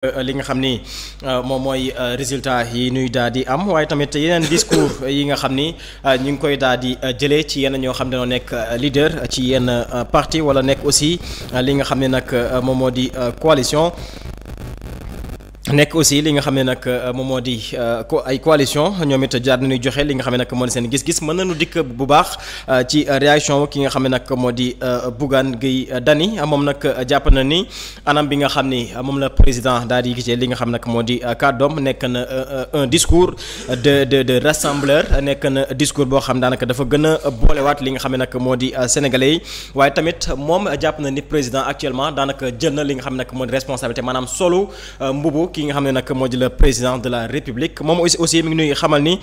Euh, li nga xam ni euh, moom mooy euh, résultat yi ñuy daal di am waaye tamit yeneen discours yi nga xam ni ñu ngi koy daal di jëlee ci yenn ñoo xam ne dañoo nekk leader ci yenn partie wala nekk aussi li nga xam ne nag moom moo di coalition nekk aussi li nga xam ne nag euh, moom moo di euh, ay coalition ñoom it jaar nañuy joxe li nga xam ne nag moo seen gis-gis mën nañu dikk bu baax euh, ci réaction ki nga xam ne nag moo di Bougane Gueye Dany moom nag jàpp na ni anam bi nga xam ni moom la président daal di gisee li nga xam nag moo di kàddoom nekk na un discours de de de rassembleur nekk na discours boo xam daanaka dafa gën a boolewaat li nga xam ne nag moo di sénégalais waaye tamit moom jàpp na ni président actuellement daanaka jël na li nga xam ne nag moo di responsabilité maanaam solo mbubu. ki nga xam ne nag moo di le président de la république moom aussi aussi euh, yoo xam ne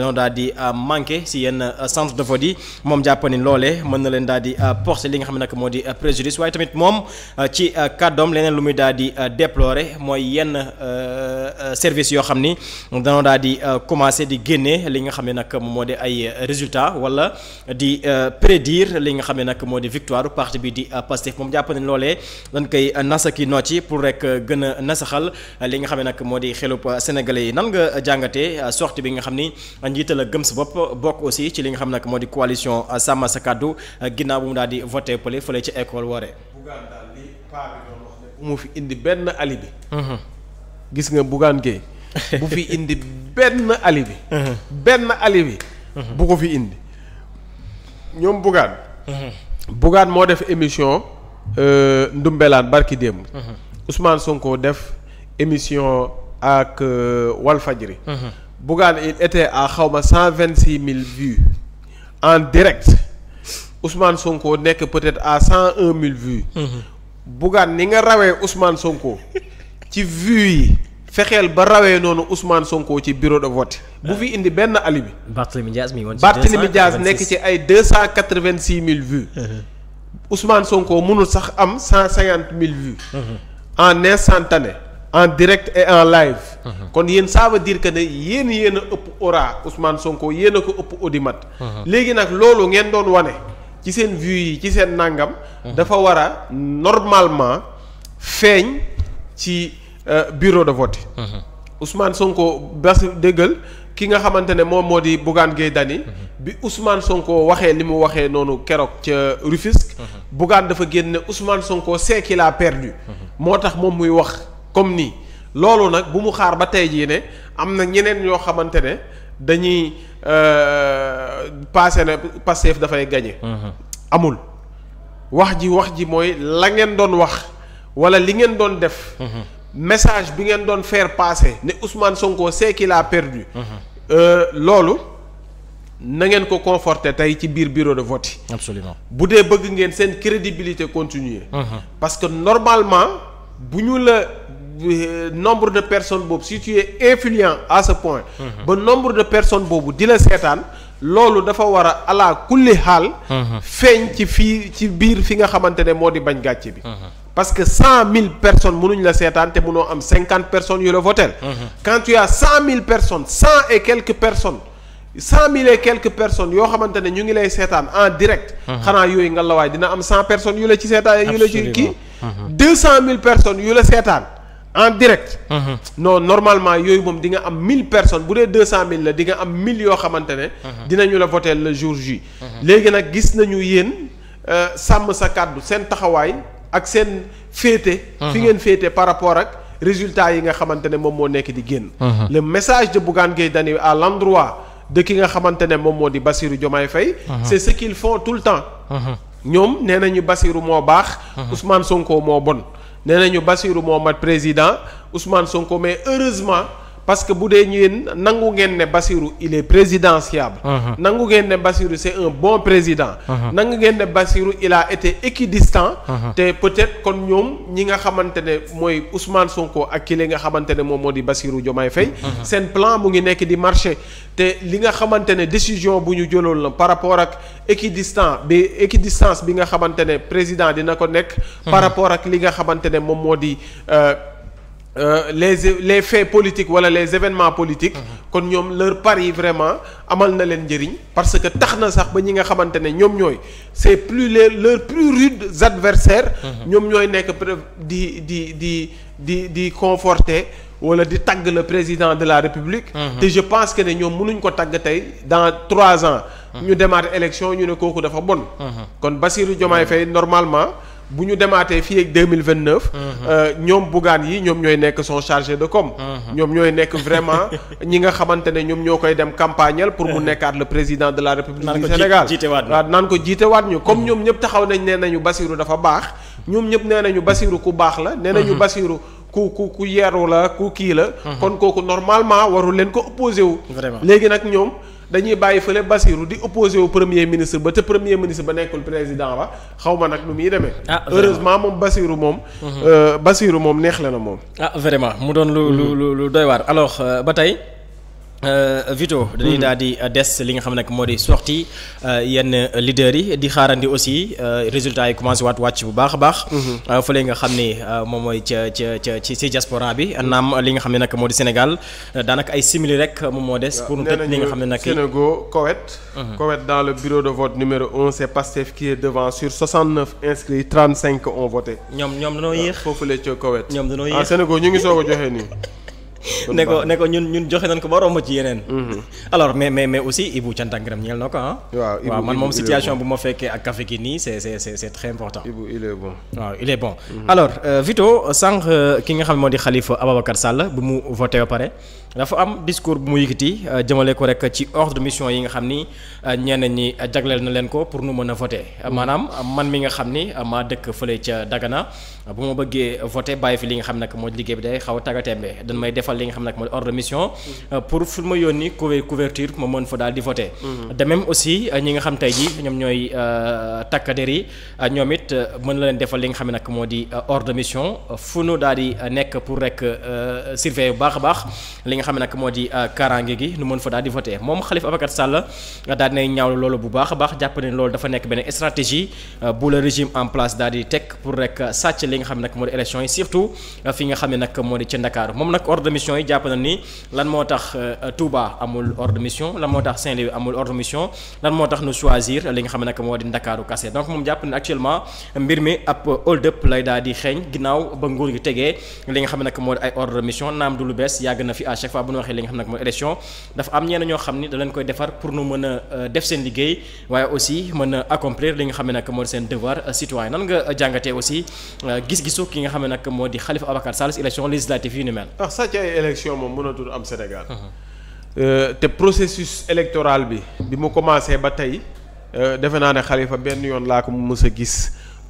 dañoo daal di euh, manqué si yenn euh, de vote yi moom jàpp ni loolee mën na leen daal di porter li nga xam ne nag moo di préjudice waaye tamit moom lu muy daal di déplorer mooy yenn service yoo xam ni dañoo daal di commencé di génne li nga xam ne nag moo di ay résultats wala di prédire li nga xam ne nag moo moo di victoire parti bi di euh, Pastef moom jàpp nañ loolee dañ koy euh, nasaki noo ci pour rek euh, gën a nasaxal li nga xam ne nag moo di xelub sénégalais yi nan nga jàngatee sortie bi nga xam ni njiital gëm sa bopp bokk aussi ci li nga xam nag moo di coalition sàmm sa kàddu ginnaaw bu mu daal di voté pële fële ci mu fi indi benn bi mhm. gis nga Bougane Gueye bu fi indi benn alibi. Mhm. benn alibi. Mhm. bu ko fi indi ñoom Bougane. Bougane moo def émission euh, Ndumbelaan barki démb. Ousmane Sonko def émission ak euh, Walfadjri. Bougane il était à xawma cent vingt six mille vues en direct usmaan Sonko nekk peut-être à cent un mille vues. Bougane ni nga rawee Ousmane Sonko ci vues yi. fexeel ba rawee noonu Ousmane Sonko ci bureau de vote. Ah. bu fi indi benn alibi. Barthélemy Diaz mi woon ci Barthélemy Diaz nekk ci ay deux cent quatre vingt six mille vues. Uh-huh. Ousmane Sonko mënul sax am cent cinquante mille vues. Uh-huh. en instantané en direct et en live. Uh-huh. kon yéen ça veut dire que ne yéen yéen a ëpp aura Ousmane Sonko yéen a ko ëpp audimat. léegi nag loolu ngeen doon wane ci seen vues yi ci seen nangam. dafa war a normalement feeñ ci. Euh, bureau de vote yi. Mhm. Ousmane Sonko bas déggal ki nga xamante ne moom moo di Bougane Gueye dani mhm. bi Ousmane Sonko waxee li mu waxee noonu keroog ca Rufisque. Mhm. Bougane dafa génn ne Sonko seeki la a perdu. moo tax moom muy wax comme nii. loolu nag bu mu xaar ba tey jii ne am na ñeneen ñoo xamante ne dañuy euh, passé ne Pastef dafay gañe amul wax ji wax ji mooy la ngeen doon wax walla li ngeen doon def. message bi ngeen doon faire passer ne Ousmane Sonko c'est qu'il a perdu. Euh, loolu na ngeen ko conforter tey ci biir bureau de vote yi. absolument bu dee bëgg ngeen seen crédibilité continuer. parce que normalement bu ñu la euh, nombre de personnes boobu si tu influent à ce point. ba nombre de personne boobu di la seetaan. loolu dafa war a ala kulli xaal. feeñ ci fii ci biir fi nga xamante ne moo di bañ gàcce bi. parce que cent mille personnes mënuñ la seetaan te mënoo am cinquante personnes yu la votel mhm. quand tu as mille personnes et quelques personnes cent yoo xamante ne ñu ngi lay seetaan en direct. Mhm. xanaa yooyu nga la waay dina am cent personnes yu la ci seetaan yu la ci kii. Mhm. deux cent mille personnes yu la seetaan en direct. non normalement yooyu moom dinga am mille personnes bu dee deux cent mille la di nga am mille yoo xamante ne. dinañu la votel le jour J. léegi nag gis nañu yéen euh, sàmm sa kàddu seen taxawaay. ak seen féete. fi ngeen féete par rapport ak résultat yi nga xamante ne moom moo nekk di génn. le message de Bougane Gueye Dany à l'endroit de ki nga xamante ne moom moo di Bassirou Diomaye Faye. c'est ce qu'ils font tout le temps. ñoom nee nañu Bassirou moo baax. Ousmane Sonko moo bon. nee nañu Bassirou moo mat président Ousmane Sonko mais heureusement. parce que bu dee ñeen nangu ngeen ne Bassirou il est présidentiable. Uh-huh. nangu ngeen ne Bassirou c'est un bon président. Uh-huh. nangu ngeen ne Bassirou il a été équidistant. Uh-huh. te peut-être kon ñoom ñi nga xamante ne mooy Ousmane Sonko ak ki li nga xamante ne moom moo di Bassirou Diomaye Faye. seen plan mu ngi nekk di marché te li nga xamante ne décision bu ñu jëloon la par rapport ak équidistant bi équidistance bi nga xamante ne président dina ko nekk. par rapport ak li nga xamante ne moom moo di. Euh, Euh, les les faits politiques wala les événements politiques. kon ñoom leur pari vraiment amal na leen njëriñ. parce que tax na sax ba ñi nga xamante ne ñoom ñooy c'est plus les leurs plus rudes adversaires. ñoom ñooy nekk di di di di di conforter wala di tagg le président de la république. Mhm. te je pense que ne ñoom mënuñ ko tagg tey dans trois ans. Mhm. ñu demaat élection ñu ne kooku dafa bon. Mhm. kon Bassirou Diomaye Faye normalement. bu ñu demaatee fii ak deux mille vingt neuf. Mhm. Euh, ñoom bugaan yi ñoom ñooy nekk son chargé de com. Mhm. ñoom ñooy nekk vraiment ñi nga xamante ne ñoom ñoo koy dem campagnal pour mu mhm. nekkaat le président de la république du Sénégal waaw naan ko jiitewaat ñu comme ñoom ñëpp taxaw nañ nee nañu Basiru dafa baax ñoom ñëpp nee nañu Basiru ku baax la nee nañu Basiru ku ku ku yeeru la ku kii la kon kooku normalement warul leen ko opposé wu léegi nag ñoom dañuy bàyyi fële Bassirou di opposé au premier ministre ba te premier ministre ba nekkul président ba xaw ma nag lu muy demee. ah heureusement moom Bassirou moom. Mhm. Euh, Bassirou moom neex la na moom. ah vraiment mu doon lu lu lu doy waar alors euh, ba tey. Euh, Vito dañuy hmm. daal di des li nga xam ne moo di sorti euh, yenn euh, leaders yi di xaarandi aussi résultats yi commencé waat wàcc bu baax a baax. Hmm. fële nga xam ne moom mooy ca ca ca ci ci diaspora bi hmm. naam li nga xam ne nag moo di Sénégal daanaka ay simili rek moom moo des. pour tëj li nga xam ne nag Sénégal Koweït. Koweït dans le bureau de vote numéro un c'est Pastef qui est devant sur 69 inscrits 35 ont voté. ñoom ñoom dañoo yéex. foofu la ca Koweït. ñoom dañoo ah, yéex ah Sénégal ngi soog a joxe ne ko ñun ñun joxe nañ ko ba romb ci yeneen. Mhm. alors mais mais mais aussi Ibou cant ak ñeel na ko ah. waaw man moom situation bu ma fekkee ak café gi nii c'est c'est c'est c'est très important. Ibou il est bon. waaw il est bon. Mhm. alors euh, Vito sànq euh, ki nga xam ne moo di xalifa Ababacar Sall bu mu voté ba pare dafa am discours bu mu yëkkati euh, jëmale ko rek ci ordre mission yi nga xam ni ñenn ñi jagleel na leen ko pour nu mën a voté mhm. maanaam man mi nga xam ni maa dëkk fële ca Dagana bu ma bëggee voté bàyyi fi li nga xam nag moo liggéey bi day xaw a tàggatémbe may def defal li nga xam nag mooy ordre de mission euh, pour fu ma yónni couverture ma mën fa daal di voter mhm. de aussi euh, ñi nga xam tey ji ñoom ñooy euh, takkader yi ñoom it mën na leen defal li nga xam ne nag moo di ordre de mission fu nu daal di nekk pour rek surveiller bu baax a baax li nga xam ne nag moo di kaaraange gi nu mën fa daal di voter moom Khalifa Ababacar Sall daal dinay ñaawlu loolu bu baax a baax jàpp ne loolu dafa nekk benn stratégie bu le régime en place daal di teg pour rek sàcc li xam ne nag yi surtout fi nga xam ne mission yi jàpp na ni lan moo tax euh, Touba amul ordre de mission lan moo tax Saint-Louis amul ordre de mission moo tax nu choisir li nga xam na nag moo di Ndakaaru kase donc moom jàpp na actuellement mbir mi ab hold up lay daal di xeeñ ginnaaw ba nguur gi tegee li nga xam ne moo di ay ordre mission naam du lu bees yàgg na fi à chaque fois bu ñu waxee li nga xam ne nag mooy élection dafa am ñenn ñoo xam ni da koy defar pour nu mën a euh, def seen liggéey waaye aussi mën a accomplir li nga xam ne nag moo di seen devoir euh, citoyen nan nga jàngatee aussi gis-gisu nga xam ne nag moo di Khalifa Abacar Sall élection législative yu ni mel ay élection moom mënatul am Sénégal euh, te processus électoral bi bi mu commencé ba tey euh, defe naa ne Khalifa benn yoon laa ko mës sa gis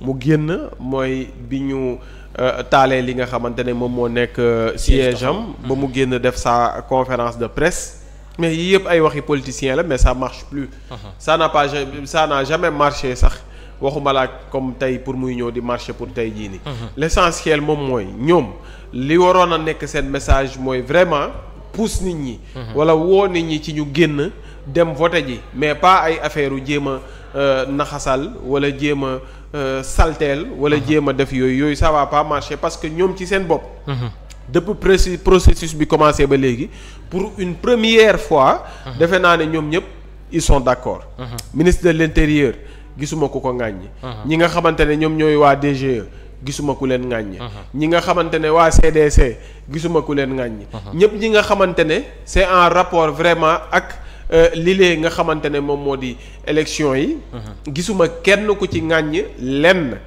mu génn mooy bi ñu euh, taalee li nga xamante ne moom moo nekk siège am ba mu génn def sa conférence de presse mais yii yëpp ay waxi politicien la mais ça marche plus ça n'a pas ça n'a jamais marché sax waxuma laa comme tey pour muy ñëw di marché pour tey jii nii. Mhm. l' essentiel moom mooy ñoom li waroon a nekk seen message mooy vraiment pousse nit ñi. Mhm. wala woo nit ñi ci ñu génn dem voté ji mais pas ay affaire u jéem a euh, naxasal wala jéem a euh, salteel wala mhm. jéem a def yooyu yooyu ça va pas marcher parce que ñoom ci seen bopp. depuis processus bi commencé ba léegi pour une première fois. defe naa ne ñoom ñëpp ils sont d' accord. ministre de l' intérieur. gisuma ku ko ŋàññi uh-huh. ñi nga xamante ne ñoom ñooy waa DGE gisuma ku leen ŋàññi uh-huh. ñi nga xamante ne waa CDC gisuma ku leen ŋàññi uh-huh. ñëpp ñi nga xamante ne c'est en rapport vraiment ak euh, li lee nga xamante ne moom moo di élection yi gisuma kenn ku ci ŋàññ lenn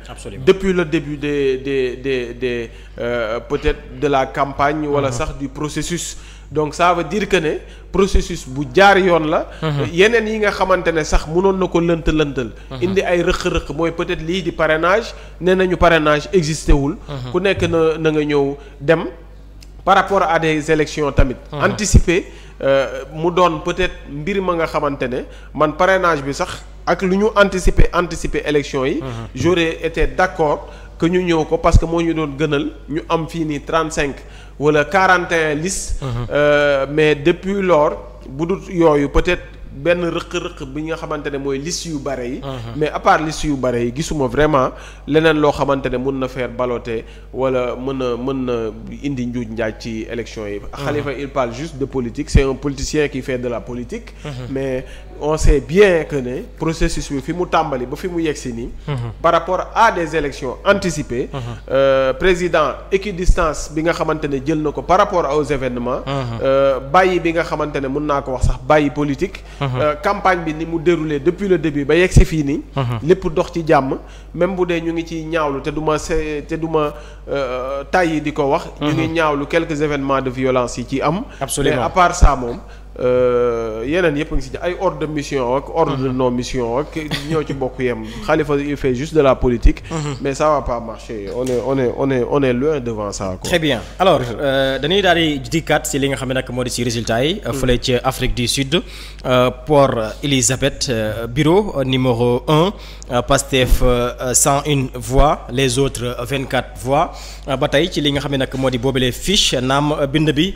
depuis le début de de des des euh, peut-être de la campagne wala sax du processus donc ça dire que ne processus bu jaar yoon la. Mhm. yeneen yi nga xamante ne sax munoon na ko lënt lëntal. Mhm. indi ay rëq-rëq mooy peut-être lii di parrainage nee nañu parrainage existé wul. Mhm. ku nekk na na nga ñëw dem. par rapport à des élections tamit. anticiper euh, mu doon peut-être mbir ma nga xamante ne man parenage bi sax ak lu ñu anticiper anticiper élections yi. j'aurais été d'accord. que ñu ñëw ko parce que moo ñu doon gënal ñu am fii nii trente cinq wala quarante et un mhm. euh, mais depuis lors bu dul yooyu peut-être. benn rëq-rëq bi nga xamante ne mooy liste yu bare yi. Uh-huh. mais à part yu bare yi gisuma vraiment leneen loo xamante ne mën na faire baloter wala mën mën na indi njuuj njaaj ci élection yi. Uh-huh. Khalifa il parle de politique c'est un de la politique. Uh-huh. mais on sait bien que ne processus bi fi mu tàmbali ba fi mu yegg si nii. par rapport à des élections anticipées. Euh, président équidistance bi nga xamante ne jël na ko par rapport aux événements. Euh, bàyyi bi nga xamante ne mën naa ko wax sax bàyyi politique. Uh-huh. Euh, campagne bi ni mu déroulé depuis le début ba yegg si fii nii. Uh-huh. lépp dox ci jàmm même bu dee ñu ngi ci ñaawlu te du ma se te du ma euh, tàyyi di ko wax. Uh-huh. ñu ngi ñaawlu quelques événements de violence yi ci am. absolument mais à moom. Euh, yeneen yëpp a ngi si ay ordre de mission ak ordre de mhm. non mission ak ñoo ci bokk yem Khalifa il fait juste de la politique mhm. mais ça va pas marcher on est on est on est on est loin devant ça quoi. très bien alors euh, dañuy daal di dikkaat si li nga xam ne nag moo di si résultat yi mhm. fële ci Afrique du Sud euh, Port Elizabeth bureau numéro un Pastef cent une voix les autres vingt quatre voix ba tey ci li nga xam ne nag moo di boobale fiche naam bind bi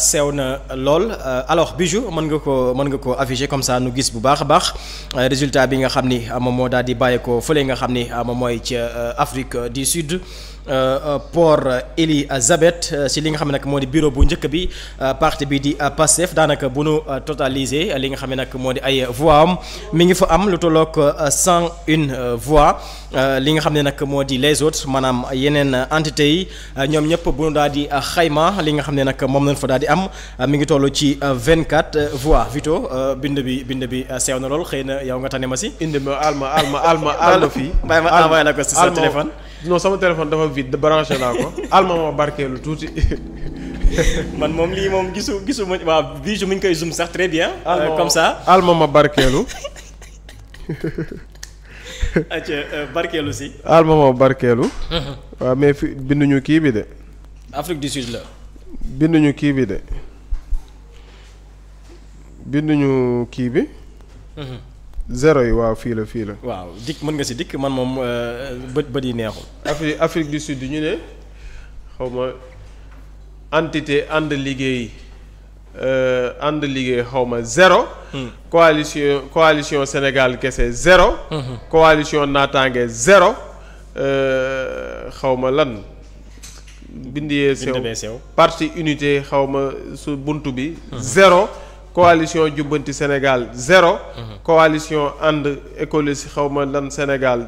sew na lool alors bijou mën nga koo mën nga ko afficher comme ça nu gis bu baax a baax euh, résultat bi nga xam ni euh, moom moo daal di bàyyeekoo fële nga xam ni euh, moom mooy ci Afrique du Sud. Euh, euh, Port Elizabeth si euh, li nga xam ne nag moo di bureau bu njëkk bi parti bi di Pastef daanaka bu nu totaliser li nga xam ne nag moo di ay voix am mi ngi fa am lu tolloog cent une voix li nga xam ne nag moo di les autres maanaam yeneen entité ñoom ñëpp bu nu daal di xayma li nga xam ne nag moom lañ fa daal di am mi ngi toll ci vingt quatre voix Vito bind bi bind bi sew na lool xëy na yow nga tane ma si. indi ma alma alma alma alma fii. bàyyi ma envoyé la ko si non sama téléphone dafa vide branché naa ko alma ma barkeelu tuuti. man moom lii moom gisu gisu ma waaw bii mu ngi koy zoom sax très bien. Euh, comme ça alma ma barkeelu. acca euh, barkeelu si. alma ma barkeelu. Mhm. waaw mais fi binduñu kii bi de. Afrique du Sud la. binduñu kii bi de. binduñu kii bi. Mhm. zéro yi waaw fii la fii la. waaw dikk mën nga si dikk man moom euh, bët bët yi neexul. Afrique Afrique du Sud ñu ne xaw ma entité ànd liggéey euh, ànd liggéey xaw ma zéro. Hmm. coalition coalition Sénégal kese zéro. Hmm. coalition naataange zéro euh, xaw ma lan. bindee sew sew parti unité xaw ma su bunt bi. zéro. Hmm. coalition jubbanti Sénégal zéro. Mhm. coalition ànd écologie xaw ma lan Sénégal